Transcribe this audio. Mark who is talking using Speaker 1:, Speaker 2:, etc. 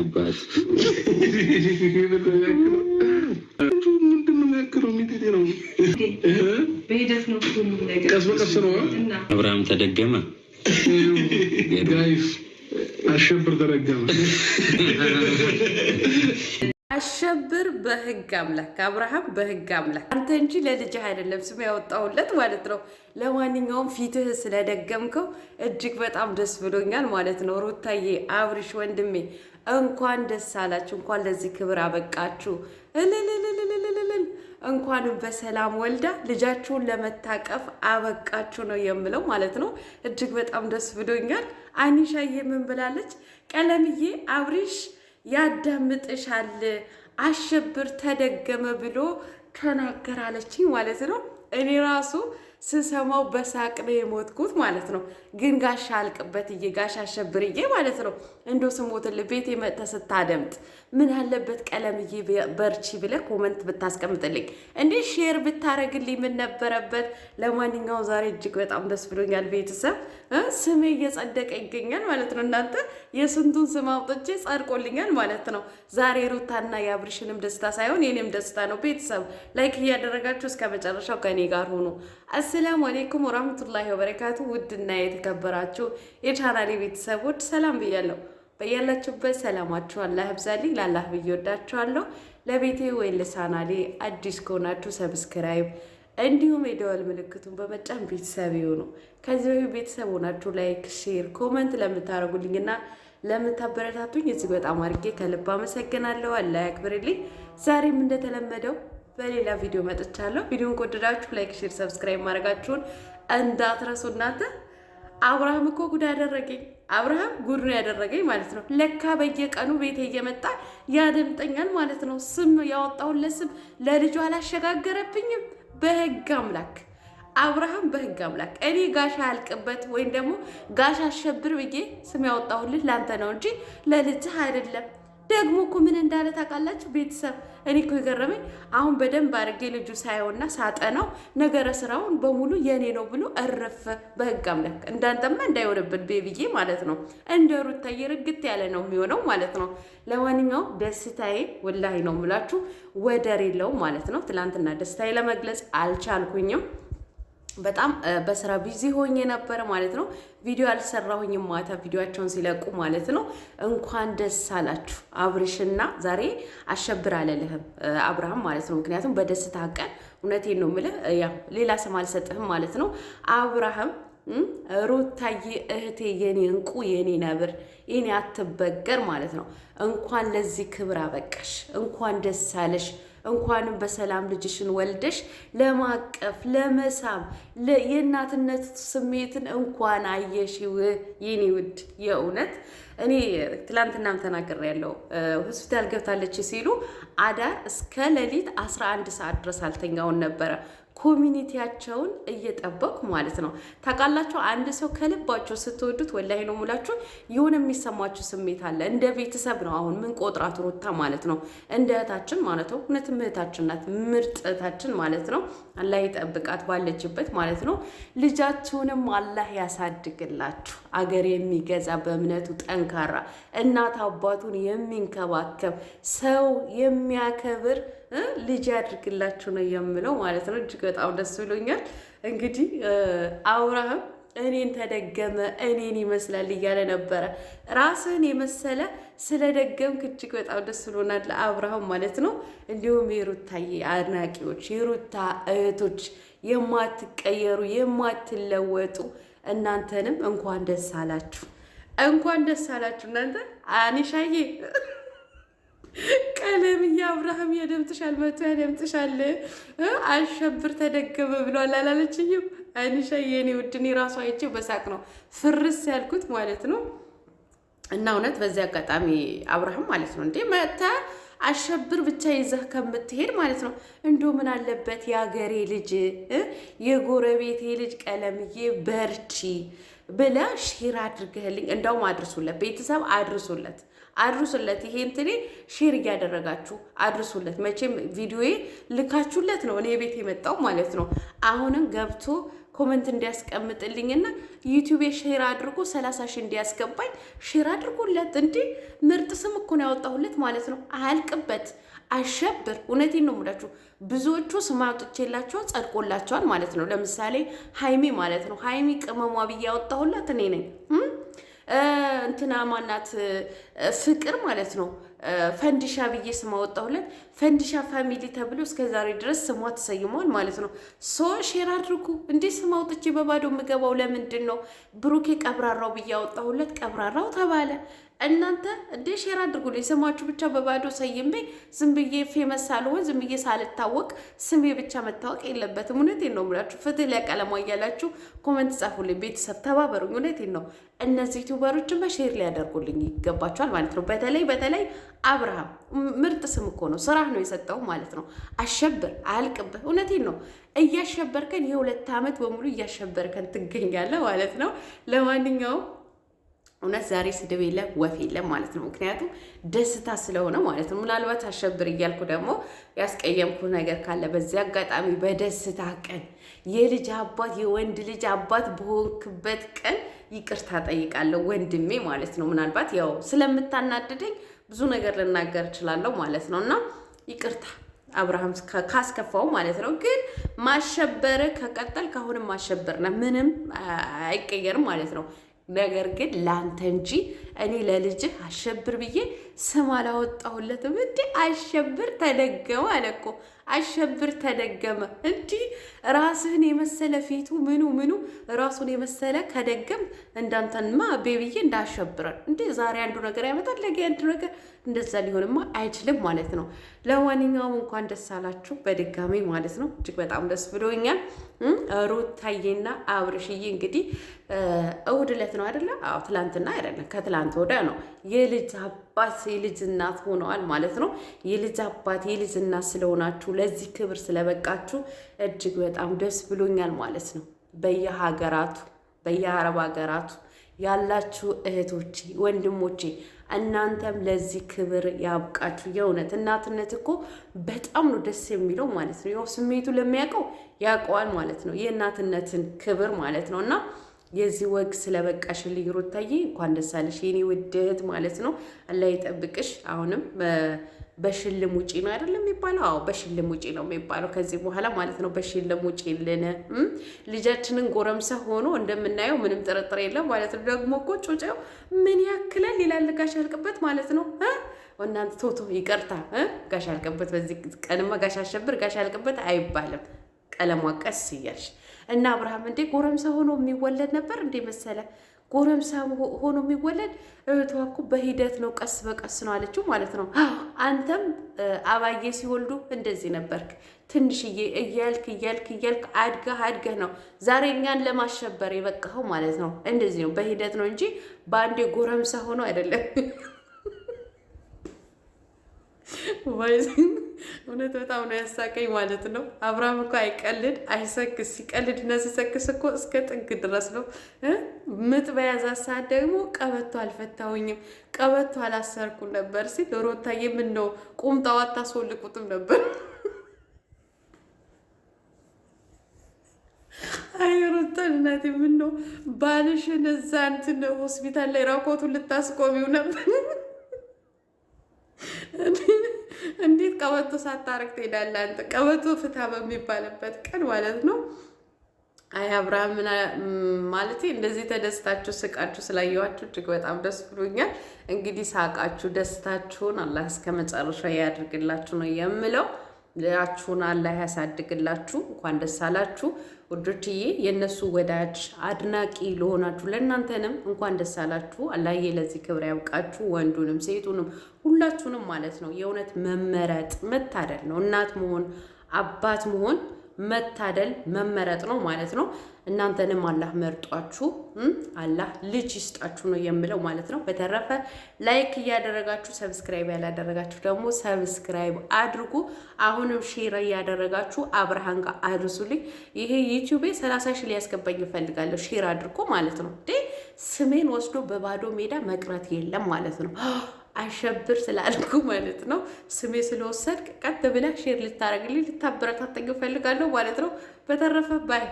Speaker 1: አባት
Speaker 2: አብርሃም ተደገመ፣ አሸብር ተደገመ።
Speaker 3: አሸብር በህግ አምላክ አብርሃም በህግ አምላክ አንተ እንጂ ለልጅህ አይደለም ስም ያወጣሁለት ማለት ነው። ለማንኛውም ፊትህ ስለደገምከው እጅግ በጣም ደስ ብሎኛል ማለት ነው። ሩታዬ አብርሽ ወንድሜ እንኳን ደስ አላችሁ፣ እንኳን ለዚህ ክብር አበቃችሁ። እልልልልልልልል እንኳንም በሰላም ወልዳ ልጃችሁን ለመታቀፍ አበቃችሁ ነው የምለው ማለት ነው። እጅግ በጣም ደስ ብሎኛል። አኒሻዬ ምን ብላለች? ቀለምዬ አብሪሽ ያዳምጥሻል አሸብር ተደገመ ብሎ ተናገራለችኝ ማለት ነው እኔ ራሱ ስሰማው በሳቅ ነው የሞትኩት ማለት ነው። ግን ጋሻ አልቅበትዬ ጋሻ አሸብርዬ ማለት ነው እንዶ ስሞትል ቤት መጥተ ስታደምጥ ምን አለበት ቀለምዬ በርቺ ብለ ኮመንት ብታስቀምጥልኝ እንዴ ሼር ብታረግልኝ ምን ነበረበት? ለማንኛውም ዛሬ እጅግ በጣም ደስ ብሎኛል። ቤተሰብ ስሜ እየጸደቀ ይገኛል ማለት ነው። እናንተ የስንቱን ስም አውጥቼ ጸድቆልኛል ማለት ነው። ዛሬ ሩታና የአብርሽንም ደስታ ሳይሆን የኔም ደስታ ነው። ቤተሰብ ላይክ እያደረጋችሁ እስከ መጨረሻው ከእኔ ጋር ሆኖ አሰላሙ አሌይኩም ወራህመቱላሂ ወበረካቱ። ውድና የተከበራችሁ የቻናሌ ቤተሰቦች ሰላም ብያለሁ። በያላችሁበት ሰላማችሁ አላህ ያብዛልኝ። ላላህ ብዬ ወዳችኋለሁ። ለቤቴ ወይም ለቻናሌ አዲስ ከሆናችሁ ሰብስክራይብ፣ እንዲሁም የደወል ምልክቱን በመጫን ቤተሰብ ይሁኑ። ከዚህ በፊት ቤተሰብ ሆናችሁ ላይክ፣ ሼር፣ ኮመንት ለምታደርጉልኝና ለምታበረታቱኝ እዚህ በጣም አድርጌ ከልብ አመሰግናለሁ። አላህ ያክብርልኝ። ዛሬም እንደተለመደው በሌላ ቪዲዮ መጥቻለሁ። ቪዲዮን ከወደዳችሁ ላይክ፣ ሼር፣ ሰብስክራይብ ማድረጋችሁን እንዳትረሱ። እናንተ አብርሃም እኮ ጉድ ያደረገኝ አብርሃም ጉድ ነው ያደረገኝ ማለት ነው። ለካ በየቀኑ ቤቴ እየመጣ ያደምጠኛል ማለት ነው። ስም ያወጣውን ለስም ለልጁ አላሸጋገረብኝም። በህግ አምላክ አብርሃም በህግ አምላክ እኔ ጋሻ ያልቅበት ወይም ደግሞ ጋሻ አሸብር ብዬ ስም ያወጣሁልህ ላንተ ነው እንጂ ለልጅህ አይደለም። ደግሞ እኮ ምን እንዳለ ታውቃላችሁ ቤተሰብ? እኔ እኮ የገረመኝ አሁን በደንብ አድርጌ ልጁ ሳየውና ሳጠናው ነገረ ስራውን በሙሉ የኔ ነው ብሎ እረፈ። በህግ አምላክ እንዳንተማ እንዳይሆንብን ቤቢዬ ማለት ነው። እንደ ሩታዬ ርግት ያለ ነው የሚሆነው ማለት ነው። ለማንኛውም ደስታዬ ወላሂ ነው የምላችሁ ወደር የለውም ማለት ነው። ትናንትና ደስታዬ ለመግለጽ አልቻልኩኝም። በጣም በስራ ቢዚ ሆኜ ነበር ማለት ነው። ቪዲዮ አልሰራሁኝም። ማታ ቪዲዮቸውን ሲለቁ ማለት ነው። እንኳን ደስ አላችሁ አብርሽና ዛሬ አሸብር አለልህም አብርሃም ማለት ነው። ምክንያቱም በደስታ ቀን እውነቴን ነው የምልህ፣ ያው ሌላ ስም አልሰጥህም ማለት ነው አብርሃም ሩታዬ እህቴ የኔ እንቁ የኔ ነብር የኔ አትበገር ማለት ነው። እንኳን ለዚህ ክብር አበቃሽ፣ እንኳን ደስ አለሽ። እንኳንም በሰላም ልጅሽን ወልደሽ ለማቀፍ ለመሳም የእናትነት ስሜትን እንኳን አየሽው የኔ ውድ። የእውነት እኔ ትላንትናም ተናገር ያለው ሆስፒታል ገብታለች ሲሉ አዳር እስከ ሌሊት 11 ሰዓት ድረስ አልተኛውን ነበረ። ኮሚኒቲያቸውን እየጠበቁ ማለት ነው። ታውቃላችሁ አንድ ሰው ከልባቸው ስትወዱት ወላሂ ነው ሙላችሁ የሆነ የሚሰማችሁ ስሜት አለ። እንደ ቤተሰብ ነው አሁን ምን ቆጥራት ሩታ ማለት ነው እንደ እህታችን ማለት ነው። እውነትም እህታችን ናት፣ ምርጥ እህታችን ማለት ነው። አላህ ይጠብቃት ባለችበት ማለት ነው። ልጃችሁንም አላህ ያሳድግላችሁ። አገር የሚገዛ በእምነቱ ጠንካራ እናት አባቱን የሚንከባከብ ሰው የሚያከብር ልጅ ያድርግላችሁ ነው የምለው ማለት ነው። እጅግ በጣም ደስ ብሎኛል። እንግዲህ አብርሃም እኔን ተደገመ እኔን ይመስላል እያለ ነበረ። ራስህን የመሰለ ስለደገምክ እጅግ በጣም ደስ ብሎናል ለአብርሃም ማለት ነው። እንዲሁም የሩታ አድናቂዎች፣ የሩታ እህቶች የማትቀየሩ የማትለወጡ እናንተንም እንኳን ደስ አላችሁ፣ እንኳን ደስ አላችሁ እናንተ አኒሻዬ ቀለምዬ አብርሃም ያደምጥሻል፣ መቶ ያደምጥሻል፣ አሸብር ተደገመ ብሏል አላለችኝም? አይንሻ የኔ ውድኔ ራሱ አይቼው በሳቅ ነው ፍርስ ያልኩት ማለት ነው። እና እውነት በዚህ አጋጣሚ አብርሃም ማለት ነው እንዴ መታ አሸብር ብቻ ይዘህ ከምትሄድ ማለት ነው። እንዶ ምን አለበት የአገሬ ልጅ የጎረቤቴ ልጅ ቀለምዬ በርቺ ብለ ሼር አድርገህልኝ፣ እንዳውም አድርሱለት፣ ቤተሰብ አድርሱለት፣ አድርሱለት። ይሄ እንትኔ ሼር እያደረጋችሁ አድርሱለት። መቼም ቪዲዮዬ ልካችሁለት ነው እኔ ቤት የመጣው ማለት ነው። አሁንም ገብቶ ኮመንት እንዲያስቀምጥልኝና ዩቲዩብ ሼር አድርጎ ሰላሳ ሺህ እንዲያስገባኝ ሼር አድርጎለት። እንዴ ምርጥ ስም እኮ ነው ያወጣሁለት ማለት ነው። አያልቅበት አሸብር እውነቴን ነው የምላችሁ። ብዙዎቹ ስም አውጥቼላቸው ጸድቆላቸዋል ማለት ነው። ለምሳሌ ሀይሚ ማለት ነው። ሀይሚ ቅመሟ ብዬ ያወጣሁላት እኔ ነኝ። እንትና ማናት ፍቅር ማለት ነው። ፈንዲሻ ብዬ ስም አወጣሁለት። ፈንዲሻ ፋሚሊ ተብሎ እስከዛሬ ድረስ ስሟ ተሰይሟል ማለት ነው። ሶ ሼር አድርጉ። እንዴት ስም አውጥቼ በባዶ የምገባው ለምንድን ነው? ብሩኬ ቀብራራው ብዬ አወጣሁለት፣ ቀብራራው ተባለ። እናንተ እንደ ሼር አድርጉልኝ። ስማችሁ ብቻ በባዶ ሰይሜ ዝም ብዬ ፌመስ ሳልሆን ዝም ብዬ ሳልታወቅ ስሜ ብቻ መታወቅ የለበትም። እውነቴን ነው የምላችሁ። ፍትህ ለቀለሟ እያላችሁ ኮመንት ጻፉልኝ። ቤተሰብ ተባበሩኝ። እውነቴን ነው። እነዚህ ዩቱበሮችን በሼር ሊያደርጉልኝ ይገባቸል። ይሰጠዋል ማለት ነው። በተለይ በተለይ አብርሃም ምርጥ ስም እኮ ነው፣ ስራህ ነው የሰጠው ማለት ነው። አሸብር አያልቅብህ። እውነቴን ነው። እያሸበርከን የሁለት ዓመት በሙሉ እያሸበርከን ትገኛለህ ማለት ነው። ለማንኛውም እውነት ዛሬ ስድብ የለ ወፍ የለም ማለት ነው። ምክንያቱም ደስታ ስለሆነ ማለት ነው። ምናልባት አሸብር እያልኩ ደግሞ ያስቀየምኩ ነገር ካለ በዚህ አጋጣሚ በደስታ ቀን የልጅ አባት የወንድ ልጅ አባት በሆንክበት ቀን ይቅርታ ጠይቃለሁ ወንድሜ ማለት ነው። ምናልባት ያው ስለምታናድደኝ ብዙ ነገር ልናገር እችላለሁ ማለት ነው እና ይቅርታ አብርሃም ካስከፋው ማለት ነው። ግን ማሸበር ከቀጠል ከአሁንም ማሸበር ነው፣ ምንም አይቀየርም ማለት ነው። ነገር ግን ለአንተ እንጂ እኔ ለልጅህ አሸብር ብዬ ስም አላወጣሁለትም። እንዲ አሸብር ተደገመ አለ እኮ አሸብር ተደገመ። እንዲህ ራስህን የመሰለ ፊቱ ምኑ ምኑ ራሱን የመሰለ ከደገም እንዳንተንማ ቤብዬ እንዳሸብረን እንዴ! ዛሬ አንዱ ነገር ያመጣል ለጌ አንዱ ነገር፣ እንደዛ ሊሆንማ አይችልም ማለት ነው። ለማንኛውም እንኳን ደስ አላችሁ በድጋሚ ማለት ነው። እጅግ በጣም ደስ ብሎኛል። ሩታዬና አብርሽዬ እንግዲህ እሑድ ዕለት ነው አይደለ? አዎ ትላንትና አይደለም ከትላንት ወዲያ ነው የልጅ አባት የልጅ እናት ሆነዋል ማለት ነው። የልጅ አባት የልጅ እናት ስለሆናችሁ ለዚህ ክብር ስለበቃችሁ እጅግ በጣም ደስ ብሎኛል ማለት ነው። በየሀገራቱ በየአረብ ሀገራቱ ያላችሁ እህቶቼ ወንድሞቼ እናንተም ለዚህ ክብር ያብቃችሁ። የእውነት እናትነት እኮ በጣም ነው ደስ የሚለው ማለት ነው። ያው ስሜቱ ለሚያውቀው ያውቀዋል ማለት ነው፣ የእናትነትን ክብር ማለት ነው እና የዚህ ወግ ስለበቃሽ ስለበቃሽልኝ ሩታዬ እንኳን ደስ አለሽ የኔ ውድህት ማለት ነው። አላህ ይጠብቅሽ። አሁንም በሽልም ውጪ ነው አይደለም የሚባለው? አዎ በሽልም ውጪ ነው የሚባለው ከዚህ በኋላ ማለት ነው። በሽልም ውጪ ልን ልጃችንን ጎረምሳ ሆኖ እንደምናየው ምንም ጥርጥር የለም ማለት ነው። ደግሞ እኮ ጩጬው ምን ያክላል ይላል ጋሽ ያልቅበት ማለት ነው። እናንተ ቶቶ ይቅርታ ጋሽ ያልቅበት፣ በዚህ ቀንማ ጋሽ አሸብር፣ ጋሽ ያልቅበት አይባልም። ቀለሟ ቀስ እያልሽ እና አብርሃም እንዴ ጎረምሳ ሆኖ የሚወለድ ነበር እንዴ መሰለ ጎረምሳ ሆኖ የሚወለድ እህቷ እኮ በሂደት ነው ቀስ በቀስ ነው አለችው ማለት ነው። አንተም አባዬ ሲወልዱ እንደዚህ ነበርክ ትንሽዬ እያልክ እያልክ እያልክ አድገህ አድገህ ነው ዛሬ እኛን ለማሸበር የበቃኸው ማለት ነው። እንደዚህ ነው በሂደት ነው እንጂ በአንዴ ጎረምሳ ሆኖ አይደለም። እውነት በጣም ነው ያሳቀኝ ማለት ነው። አብርሃም እኮ አይቀልድ አይሰክስ። ሲቀልድ እና ሲሰክስ እኮ እስከ ጥግ ድረስ ነው። ምጥ በያዛ ሰዓት ደግሞ ቀበቶ አልፈታውኝም፣ ቀበቶ አላሰርኩ ነበር ሲል ሮታዬ፣ ምን ነው ቁምጣው አታስወልቁትም ነበር? አይሮታን እናቴ፣ ምን ነው ባልሽን እዛ እንትን ሆስፒታል ላይ ራቆቱን ልታስቆሚው ነበር? እንዴት ቀበቶ ሳታረግ ትሄዳለህ አንተ? ቀበቶ ፍታ በሚባልበት ቀን ማለት ነው። አይ አብርሃም ማለቴ እንደዚህ ተደስታችሁ ስቃችሁ ስላየኋችሁ እጅግ በጣም ደስ ብሎኛል። እንግዲህ ሳቃችሁ ደስታችሁን አላህ እስከ መጨረሻ ያድርግላችሁ ነው የምለው። ላችሁን አላህ ያሳድግላችሁ። እንኳን ደስ አላችሁ። ውዶችዬ የእነሱ ወዳጅ አድናቂ ለሆናችሁ ለእናንተንም እንኳን ደስ አላችሁ። አላዬ ለዚህ ክብር ያብቃችሁ። ወንዱንም ሴቱንም ሁላችሁንም ማለት ነው። የእውነት መመረጥ መታደል ነው። እናት መሆን አባት መሆን መታደል መመረጥ ነው ማለት ነው። እናንተንም አላህ መርጧችሁ አላህ ልጅ ይስጣችሁ ነው የምለው ማለት ነው። በተረፈ ላይክ እያደረጋችሁ ሰብስክራይብ ያላደረጋችሁ ደግሞ ሰብስክራይብ አድርጉ። አሁንም ሼር እያደረጋችሁ አብርሃን ጋር አድርሱልኝ። ይሄ ዩቲዩቤ ሰላሳ ሺ ሊያስገባኝ ይፈልጋለሁ። ሼር አድርጎ ማለት ነው። ስሜን ወስዶ በባዶ ሜዳ መቅረት የለም ማለት ነው። አሸብር ስላልኩ ማለት ነው። ስሜ ስለወሰድክ ቀጥ ብለህ ሼር ልታደርግልኝ ልታበረታተኝ እፈልጋለሁ ማለት ነው። በተረፈ ባይ